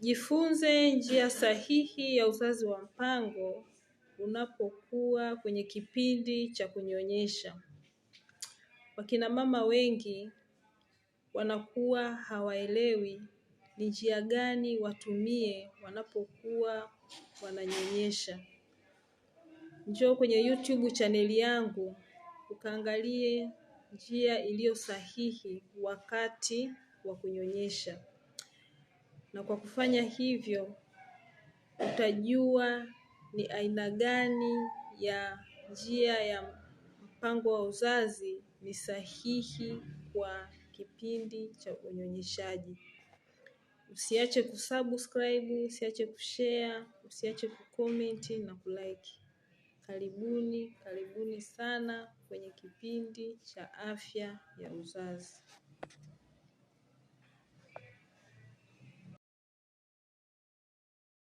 Jifunze njia sahihi ya uzazi wa mpango unapokuwa kwenye kipindi cha kunyonyesha. Wakina mama wengi wanakuwa hawaelewi ni njia gani watumie wanapokuwa wananyonyesha. Njoo kwenye YouTube chaneli yangu ukaangalie njia iliyo sahihi wakati wa kunyonyesha na kwa kufanya hivyo utajua ni aina gani ya njia ya mpango wa uzazi ni sahihi kwa kipindi cha unyonyeshaji. Usiache kusubscribe, usiache kushare, usiache kucomment na kulike. Karibuni, karibuni sana kwenye kipindi cha afya ya uzazi.